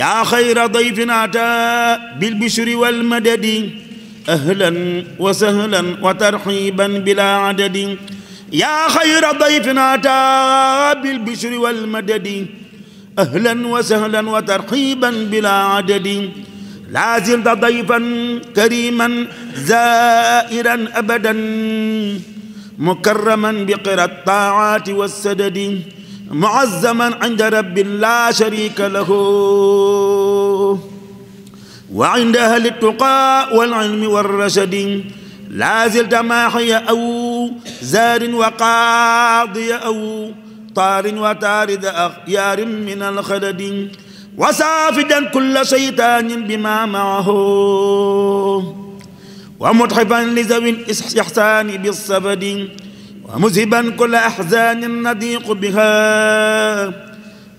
yaa xayra dayfin ataa bilbishri walmadadi ahlan wa sahlan wa tarxiiban bilaa adadi yaa xayra dayfin ataa bilbishri walmadadi ahlan wa sahlan wa tarxiiban bilaa adadi laa zilta dayfan kariman zaa'iran abadan mukarraman biqira taacaati wassadadi معزما عند رب لا شريك له وعند أهل التقى والعلم والرشد لا زلت ماحي أو زار وقاضي أو طار وتارد أخيار من الخلد وسافدا كل شيطان بما معه ومتحفا لذوي الإحسان بالسبد ومذهبا كل أحزان نضيق بها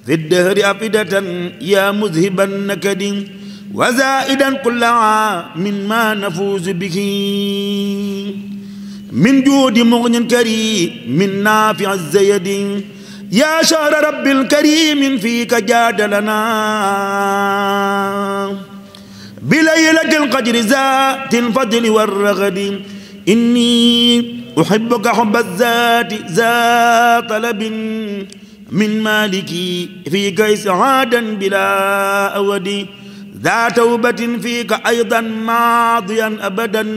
في الدهر أفدة يا مذهب النكد وزائدا كل عام ما نفوز به من جود مغن كريم من نافع الزيد يا شهر رب الكريم فيك جاد لنا بليلة القدر ذات الفضل والرغد إني uhibbuka hubba zaati za talabin min maliki fiika isaadan bila awadi za tawbatin fiika aydan maadiyan abadan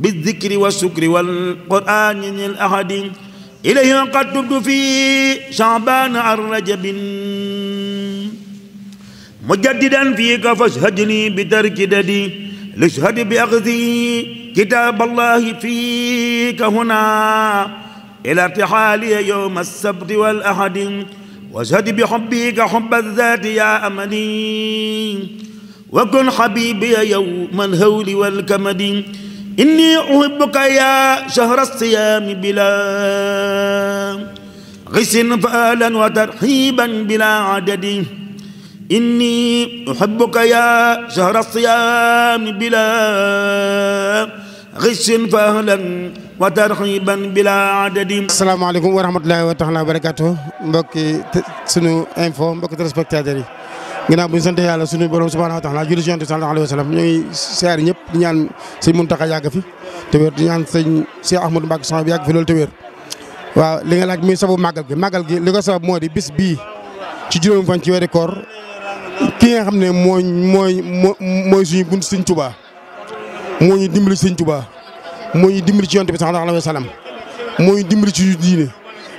bizikri wa sukri wal qur'ani nil ahadi ilayhi qad tubtu fi sha'ban ar rajabin mujaddidan fiika fashhadni bi tarki dadi lishhad bi axdi كتاب الله فيك هنا إلى ارتحالي يوم السبت والأحد واشهد بحبك حب الذات يا أملي وكن حبيبي يوم الهول والكمد إني أحبك يا شهر الصيام بلا غس فآلا وترحيبا بلا عدد inni uhibbuka ya shahra siyaam bila ghishin fa ahlan wa tarhiban bila adadin asalaamaaleykum wa rahmatullahi wa taala wa barakaatu mbokki sunu info mbokki téléspectateurs yi ginnaaw bu ñu sant yàlla sunu borom subhaanahu wa taala julli ci yonent sallallahu wa sallam ñoo di ñaan sëñ Muntaxa yàgg fi te wér di bi yàgg fi loolu te wér waaw li nga laaj muy sababu màggal gi màggal gi li sabab moo bis bii ci juróom fan ci weeri koor ki nga xam ne mooy mooy mooy suñu bunt moo ñu dimbali sëñ Tuubaa moo ñu dimbali ci yonent bi sallallahu alayhi wa sallam moo ñu dimbali ci diine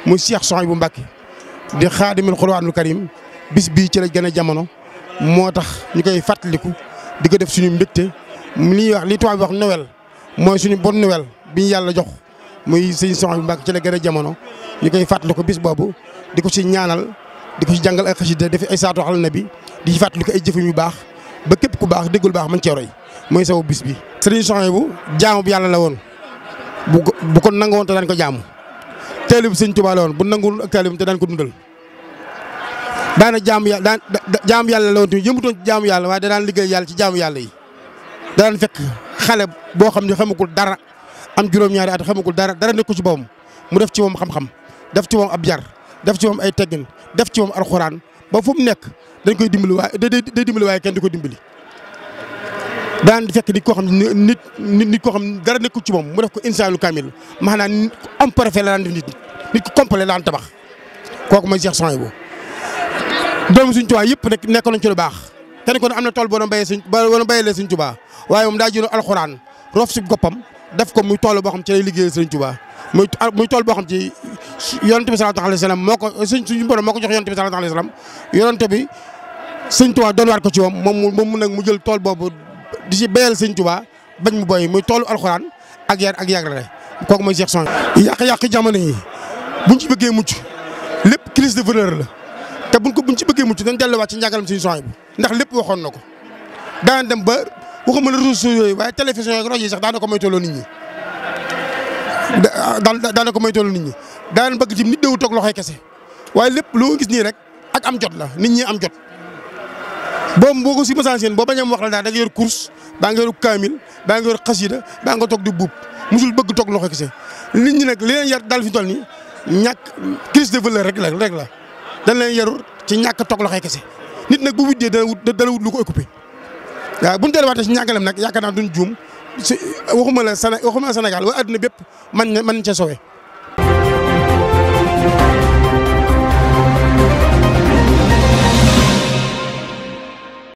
muy Cheikh Souhaïbou Mbacké di xaadimul Qur'aanul Karim bis bii ci a gën a jamono moo tax ñu koy fàttaliku di ko def suñu mbégte li ñuy wax li tubaab bi wax Noël mooy suñu bonne nouvelle bi yàlla jox muy sëñ Souhaïbou Mbacké ci la gën a jamono ñu koy fàttaliku bis boobu di ko ci ñaanal di ko ci jàngal ay xasida def ay saatu ala di ci fàttaliku ay jëfam yu baax ba képp ku baax déggul baax mën cee roy mooy saw bis bi. Serigne Souhaïbou jaamu bi yàlla la woon bu ko bu ko nangu woon te daan ko jaamu taalib Serigne Touba la woon bu nangul ak taalib te daan ko dundal daana jaamu yàlla daan jaamu yàlla la woon tamit yëmutoon ci jaamu yàlla waaye da daan liggéey yàlla ci jaamu yàlla yi da daan fekk xale boo xam ne xamagul dara am juróom-ñaari at xamagul dara dara nekku ci boppam mu def ci moom xam-xam def ci moom ab yar def ci moom ay teggin def ci moom alxuraan ba fu nekk dañ koy dimbali waaye day dimbali waaye kenn du ko dimbali. daan di fekk di ko xam ne nit nit nit koo xam ne dara nekkul ci moom mu def ko insaanu kaamil maanaam am parfait la daan def nit nit ko complet la daan tabax kooku mooy Cheikh Souhaïbou doomu Sëriñ Tuubaa yëpp nag nekkoon nañ ci lu baax kenn ko ne am na tool boo doon béyee Sëriñ boo doon béyalee Sëriñ Tuubaa waaye moom daa jël alxuraan roof si goppam def ko muy tool boo xam ci lay liggéeyee Sëriñ Tuubaa muy muy boo xam ci yonent bi sallallahu alayhi wa sallam moo ko suñ suñu borom moo ko jox yonent bi sallallahu alayhi wa sallam yonent bi sëñ Tuubaa doon waat ko ci moom moom mu nag mu jël tool boobu di ci béyal sëñ Tuubaa bañ mu boy muy toolu alxuraan ak yar ak yàgg kooku mooy Cheikh Son yàq-yàq jamono yi buñ ci bëggee mucc lépp crise de valeur la te buñ ko buñ ci bëggee mucc dañ delluwaat ci njàngalam suñu son bi ndax lépp waxoon na ko daan dem ba waxuma na réseaux yooyu waaye télévision rajo yi sax daana ko moytoo loo nit ñi daana ko moytoo loo nit ñi daan bëgg ci nit déwu toog loxoy kese waaye lépp loo gis nii rek ak am jot la nit ñi am jot. boobu boo ko si message yéen boo bañ am wax la daal da nga yor course daa nga yor kaamil daa nga yor toog di buub musul bëgg toog loxo kese nit ñi nag li leen yar daal fi toll nii ñàkk crise de valeur rek la rek la dañ leen yarul ci ñàkk toog loxo kese nit nag bu wujjee dana wut dana wut lu ko occupé waaw bu ñu delluwaatee si ñàkkalem nag yaakaar naa duñ juum si waxuma la Séné waxuma la Sénégal wala àddina bépp man man nañ ca sowe